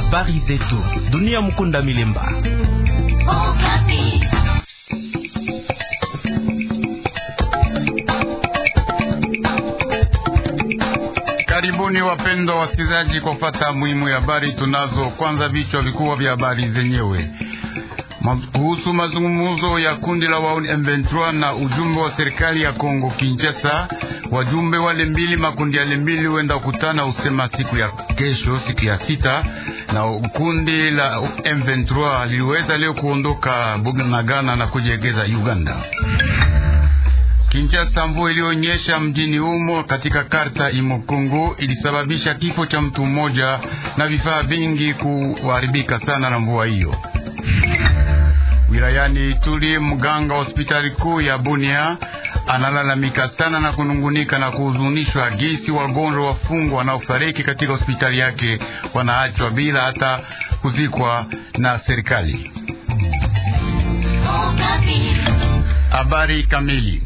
habari zetu dunia. Mkunda Milemba Karibuni wapendwa wasikilizaji, kwa fata muhimu ya habari tunazo. Kwanza vichwa vikubwa vya habari zenyewe kuhusu mazungumzo ya kundi la wauni M23 na ujumbe wa serikali ya Kongo Kinshasa. Wajumbe wale mbili makundi yale mbili huenda kukutana usema siku ya kesho, siku ya sita na kundi la M23 liliweza leo kuondoka Bunagana na kujiegeza Uganda. Kinshasa, mvua ilionyesha mjini humo katika karta Imokongo ilisababisha kifo cha mtu mmoja na vifaa vingi kuharibika sana na mvua hiyo. Wilayani Ituri, mganga wa hospitali kuu ya Bunia analalamika sana na kunungunika na kuhuzunishwa gisi wagonjwa wafungwa wanaofariki katika hospitali yake wanaachwa bila hata kuzikwa na serikali. Habari kamili.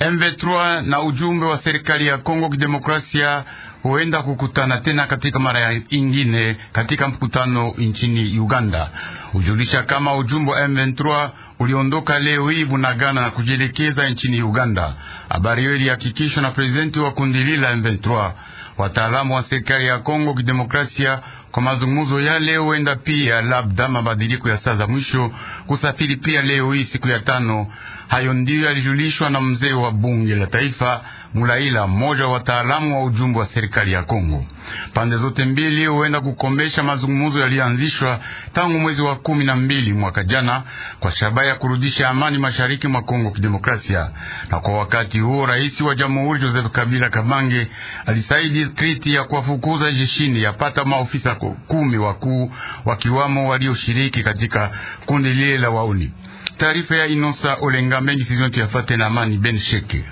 M23 na ujumbe wa serikali ya Kongo Kidemokrasia huenda kukutana tena katika mara ya ingine katika mkutano nchini Uganda. Hujulisha kama ujumbe wa M23 uliondoka leo hii Bunagana na kujielekeza nchini Uganda. Habari hiyo ilihakikishwa na prezidenti wa kundi lila M23. Wataalamu wa serikali ya Kongo Kidemokrasia kwa mazungumzo ya leo huenda pia labda mabadiliko ya saa za mwisho kusafiri pia leo hii siku ya tano. Hayo ndiyo yalijulishwa na mzee wa bunge la taifa Mulaila, mmoja wa wataalamu wa ujumbe wa serikali ya Kongo. Pande zote mbili huenda kukomesha mazungumzo yaliyoanzishwa tangu mwezi wa kumi na mbili mwaka jana kwa shabaha ya kurudisha amani mashariki mwa Kongo Kidemokrasia. Na kwa wakati huo rais wa jamhuri Joseph Kabila Kabange alisaidi kriti ya kuwafukuza jeshini yapata maofisa kumi wakuu wakiwamo walioshiriki katika kundi lile la wauni. Taarifa ya Inosa Olenga Mengi Sizontu yafate na Amani Ben Sheke.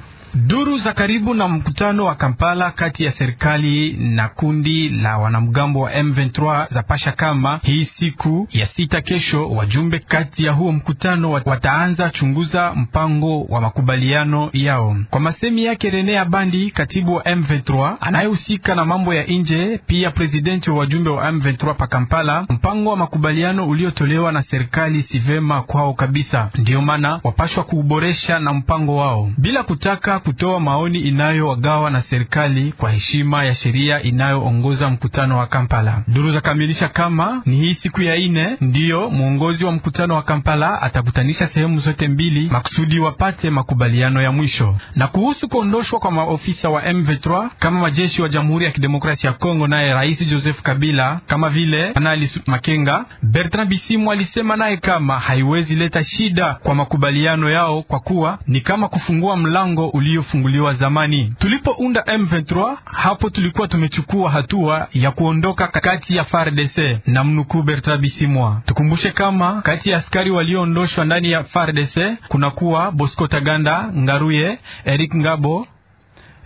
Duru za karibu na mkutano wa Kampala kati ya serikali na kundi la wanamgambo wa M23 za pasha kama hii siku ya sita kesho, wajumbe kati ya huo mkutano wataanza chunguza mpango wa makubaliano yao. Kwa masemi yake Rene Abandi, katibu wa M23 anayehusika na mambo ya nje, pia presidenti wa wajumbe wa M23 pa Kampala, mpango wa makubaliano uliotolewa na serikali si vema kwao kabisa, ndiyo maana wapashwa kuuboresha na mpango wao bila kutaka kutoa maoni inayowagawa na serikali kwa heshima ya sheria inayoongoza mkutano wa Kampala. Duru zakamilisha kama ni hii siku ya ine ndiyo mwongozi wa mkutano wa Kampala atakutanisha sehemu zote mbili makusudi wapate makubaliano ya mwisho. Na kuhusu kuondoshwa kwa maofisa wa M23 kama majeshi wa Jamhuri ya Kidemokrasia ya Kongo, naye Rais Joseph Kabila kama vile Anali Makenga, Bertrand Bisimwa alisema naye kama haiwezi leta shida kwa makubaliano yao kwa kuwa ni kama kufungua mlango ulio iliyofunguliwa zamani. Tulipounda M23, hapo tulikuwa tumechukua hatua ya kuondoka kati ya FARDC na mnukuu Bertrand Bisimwa. Tukumbushe kama kati ya askari walioondoshwa ndani ya FARDC kunakuwa Bosco Taganda, Ngaruye, Eric Ngabo,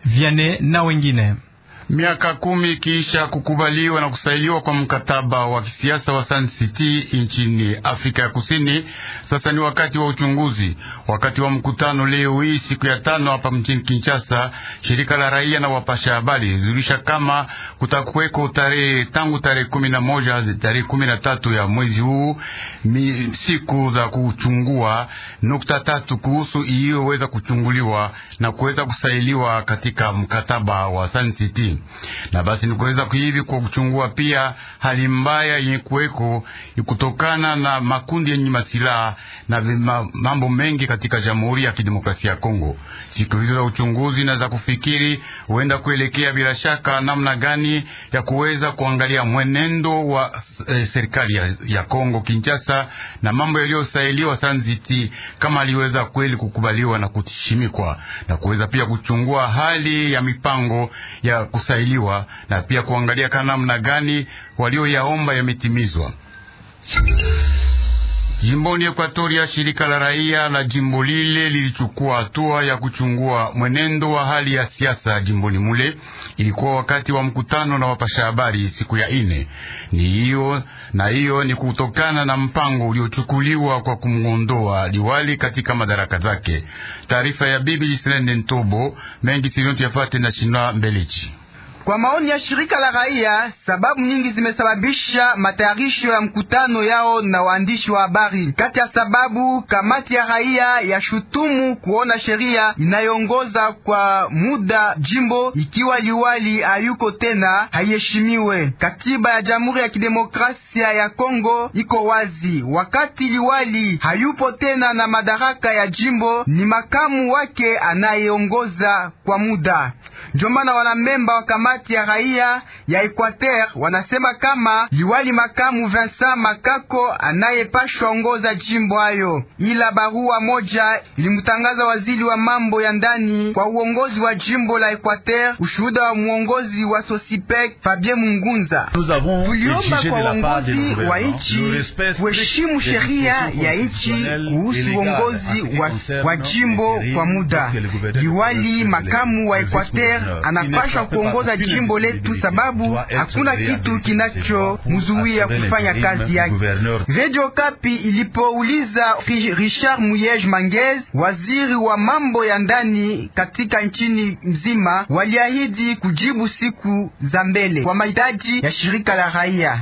Viane na wengine. Miaka kumi kisha kukubaliwa na kusailiwa kwa mkataba wa kisiasa wa Sun City nchini Afrika ya Kusini, sasa ni wakati wa uchunguzi. Wakati wa mkutano leo hii siku ya tano hapa mjini Kinshasa, shirika la raia na wapasha habari zilisha kama kutakuweko tarehe tangu tarehe kumi na moja tarehe kumi na tatu ya mwezi huu siku za kuchungua nukta tatu kuhusu iliyoweza kuchunguliwa na kuweza kusailiwa katika mkataba wa Sun City na basi ni kuweza kuhivi kwa kuchungua pia hali mbaya yenye kuweko kutokana na makundi yenye masilaha na mambo mengi katika Jamhuri ya Kidemokrasia ya Kongo. Siku hizo za uchunguzi na za kufikiri huenda kuelekea bila shaka namna gani ya kuweza kuangalia mwenendo wa eh, serikali ya, ya Kongo Kinshasa na mambo yaliyosailiwa Sanziti kama aliweza kweli kukubaliwa na kushimikwa na kuweza pia kuchungua hali ya mipango ya kus yaliyosailiwa na pia kuangalia kana namna gani walioyaomba yametimizwa. Jimboni Ekwatoria, shirika la raia la jimbo lile lilichukua hatua ya kuchungua mwenendo wa hali ya siasa jimboni mule. Ilikuwa wakati wa mkutano na wapasha habari siku ya ine. Ni hiyo na hiyo ni kutokana na mpango uliochukuliwa kwa kumwondoa liwali katika madaraka zake. Taarifa ya bibi Jiselende Ntobo mengi siliotu yafate na Shinwa Mbelichi. Kwa maoni ya shirika la raia, sababu nyingi zimesababisha matayarisho ya mkutano yao na waandishi wa habari. Kati ya sababu, kamati ya raia yashutumu kuona sheria inayoongoza kwa muda jimbo ikiwa liwali hayuko tena haiheshimiwe. Katiba ya Jamhuri ya Kidemokrasia ya Kongo iko wazi, wakati liwali hayupo tena na madaraka ya jimbo, ni makamu wake anayeongoza kwa muda. Ndio maana wanamemba wa kamati haki ya raia ya Equateur wanasema kama liwali makamu Vincent Makako anayepashwa ongoza jimbo hayo, ila barua moja ilimtangaza waziri wa mambo ya ndani kwa uongozi wa jimbo la Equateur. Ushuhuda wa muongozi wa Sosipec Fabien Mungunza: tuliomba kwa uongozi wa nchi kuheshimu sheria ya nchi kuhusu uongozi wa, wa jimbo kwa muda. Liwali makamu wa Equateur anapashwa kuongoza jimbo letu, sababu hakuna kitu kinachomzuia kufanya kazi yake. Radio Kapi ilipouliza Richard Muyej Mangez, waziri wa mambo ya ndani katika nchini mzima, waliahidi kujibu siku za mbele kwa mahitaji ya shirika la raia.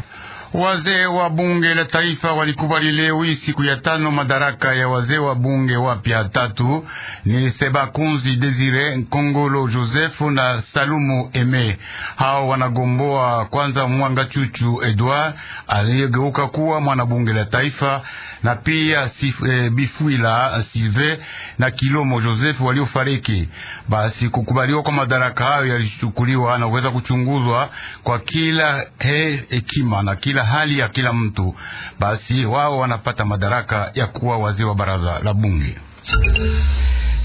Wazee wa bunge la taifa walikubali leo hii siku ya tano madaraka ya wazee wa bunge wapya tatu ni Sebakunzi Desire Nkongolo Josefu na Salumu Eme. Hao wanagomboa kwanza Mwanga Chuchu Edward aliyegeuka kuwa mwanabunge la taifa na pia sif, eh, Bifuila Silve na Kilomo Josefu waliofariki. Basi kukubaliwa kwa madaraka hayo yalichukuliwa na kuweza kuchunguzwa kwa kila hekima na kila hali ya kila mtu, basi wao wanapata madaraka ya kuwa wazee wa baraza la bunge.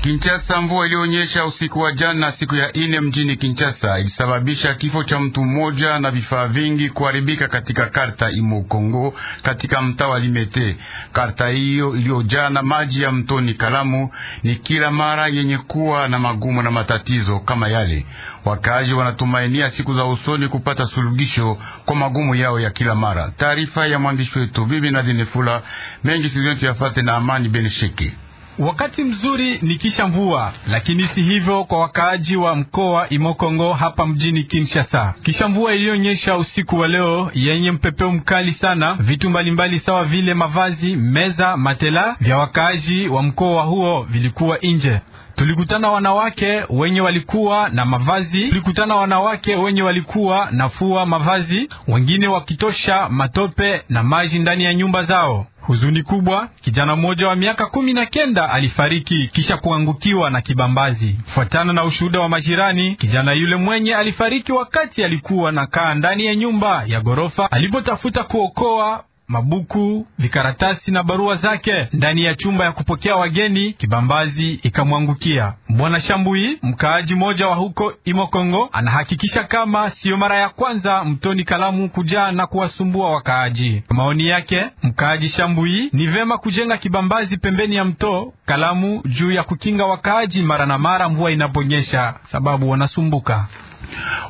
Kinchasa, mvua ilionyesha usiku wa jana siku ya ine mjini Kinchasa ilisababisha kifo cha mtu mmoja na vifaa vingi kuharibika katika karta Imokongo katika mtaa wa Limete. Karta hiyo iliyojaa na maji ya mtoni Kalamu ni kila mara yenye kuwa na magumu na matatizo kama yale. Wakaaji wanatumainia siku za usoni kupata suluhisho kwa magumu yao ya kila mara. Taarifa ya mwandishi wetu Bibi Nadine Fula mengi sizontu yafate na Amani Benisheke. Wakati mzuri ni kisha mvua, lakini si hivyo kwa wakaaji wa mkoa Imokongo hapa mjini Kinshasa. Kisha mvua iliyonyesha usiku wa leo yenye mpepeo mkali sana, vitu mbalimbali sawa vile mavazi, meza, matela vya wakaaji wa mkoa huo vilikuwa nje. Tulikutana wanawake wenye walikuwa na mavazi, tulikutana wanawake wenye walikuwa nafua mavazi, wengine wakitosha matope na maji ndani ya nyumba zao. Huzuni kubwa, kijana mmoja wa miaka kumi na kenda alifariki kisha kuangukiwa na kibambazi. Kufuatana na ushuhuda wa majirani, kijana yule mwenye alifariki wakati alikuwa nakaa ndani ya nyumba ya ghorofa alipotafuta kuokoa mabuku, vikaratasi na barua zake ndani ya chumba ya kupokea wageni. Kibambazi ikamwangukia. Bwana Shambui, mkaaji mmoja wa huko Imokongo, anahakikisha kama siyo mara ya kwanza mtoni Kalamu kujaa na kuwasumbua wakaaji. Kwa maoni yake, mkaaji Shambui, ni vema kujenga kibambazi pembeni ya mto Kalamu juu ya kukinga wakaaji mara na mara mvua inaponyesha, sababu wanasumbuka.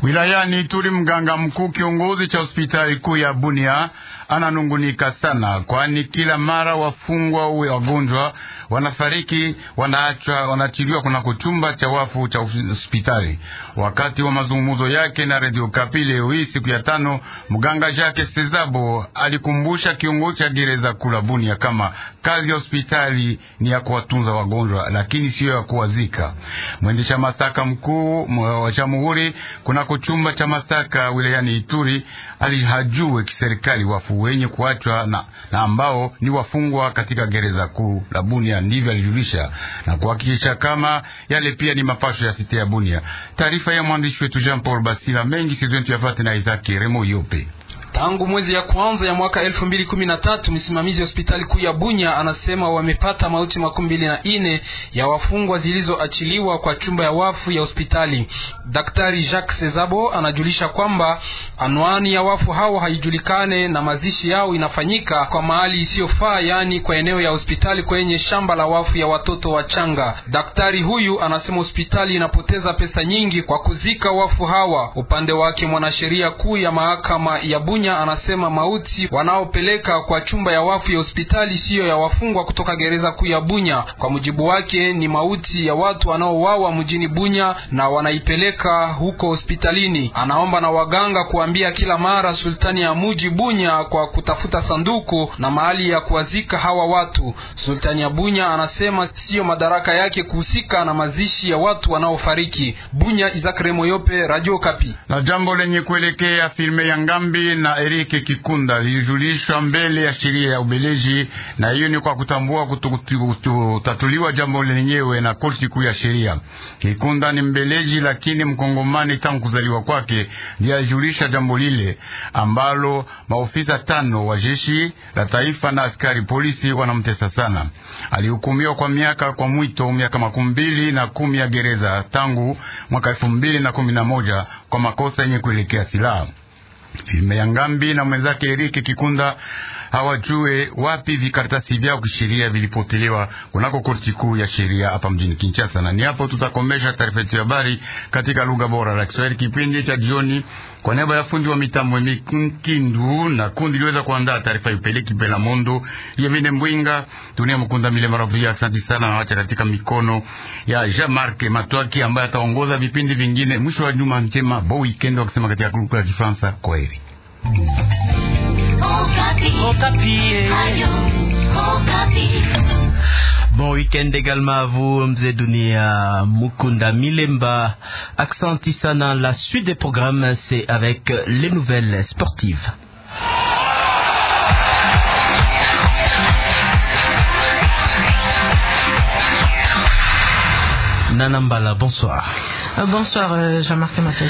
Wilayani Ituri, mganga mkuu kiongozi cha hospitali kuu ya Bunia ananungunika sana, kwani kila mara wafungwa wagonjwa wanafariki, wanaachwa, wanachiliwa kuna kuchumba cha wafu cha hospitali. Wakati wa mazungumzo yake na Radio Kapi leo hii siku ya tano, mganga Jacques Sezabo alikumbusha kiongozi cha gereza kula Bunia kama kazi ya hospitali ni ya kuwatunza wagonjwa, lakini siyo ya kuwazika. Mwendesha mashtaka mkuu wa jamhuri kuna kuchumba cha mashtaka wilayani Ituri alihajue kiserikali wafu wenye kuachwa na, na ambao ni wafungwa katika gereza kuu la Bunia. Ndivyo alijulisha na kuhakikisha kama yale pia ni mapasho ya site ya Bunia. Taarifa ya mwandishi wetu Jean Paul Basila mengi sizentu yafate na Isaki Remo Yope. Tangu mwezi ya kwanza ya mwaka elfu mbili kumi na tatu msimamizi wa hospitali kuu ya Bunya anasema wamepata mauti makumi mbili na ine ya wafungwa zilizoachiliwa kwa chumba ya wafu ya hospitali. Daktari Jacques Sezabo anajulisha kwamba anwani ya wafu hao haijulikane na mazishi yao inafanyika kwa mahali isiyofaa, yaani kwa eneo ya hospitali kwenye shamba la wafu ya watoto wachanga. Daktari huyu anasema hospitali inapoteza pesa nyingi kwa kuzika wafu hawa. Upande wake mwanasheria kuu ya mahakama ya Bunya Munya anasema mauti wanaopeleka kwa chumba ya wafu ya hospitali siyo ya wafungwa kutoka gereza kuu ya Bunya. Kwa mujibu wake, ni mauti ya watu wanaouawa mjini Bunya na wanaipeleka huko hospitalini. Anaomba na waganga kuambia kila mara sultani ya muji Bunya kwa kutafuta sanduku na mahali ya kuwazika hawa watu. Sultani ya Bunya anasema siyo madaraka yake kuhusika na mazishi ya watu wanaofariki. Bunya, Izakre Moyope, Radio Kapi. Na jambo lenye kuelekea filme ya Ngambi na na Erike Kikunda lilijulishwa mbele ya sheria ya Ubeleji, na hiyo ni kwa kutambua kutatuliwa jambo lenyewe na korti kuu ya sheria. Kikunda ni Mbeleji lakini mkongomani tangu kuzaliwa kwake, ndiye alijulisha jambo lile ambalo maofisa tano wa jeshi la taifa na askari polisi wanamtesa sana. Alihukumiwa kwa miaka kwa mwito miaka makumi mbili na kumi ya gereza tangu mwaka elfu mbili na kumi na moja kwa makosa yenye kuelekea silaha. Vimeyangambi na mwenzake Eriki Kikunda hawajue wapi vikaratasi vyao kisheria vilipotelewa kunako korti kuu ya sheria hapa mjini Kinshasa. Na ni hapo tutakomesha taarifa yetu ya habari katika lugha bora la Kiswahili kipindi cha jioni, kwa niaba ya fundi wa mitambo Mikindu na kundi liweza kuandaa taarifa yupeleki pela Mondo Yevine Mbwinga Dunia Mkunda Mile Maravia. Asante sana, na wacha katika mikono ya Jean Marc Matwaki ambaye ataongoza vipindi vingine. Mwisho wa juma njema, bo weekend wakisema katika lugha ya Kifaransa. Kwaheri. Bon week-end également à vous, Mzedunia Mukunda Milemba. Accent la suite des programmes, c'est avec les nouvelles sportives. Nanambala, bonsoir. Euh, bonsoir euh, Jean-Marc Maté.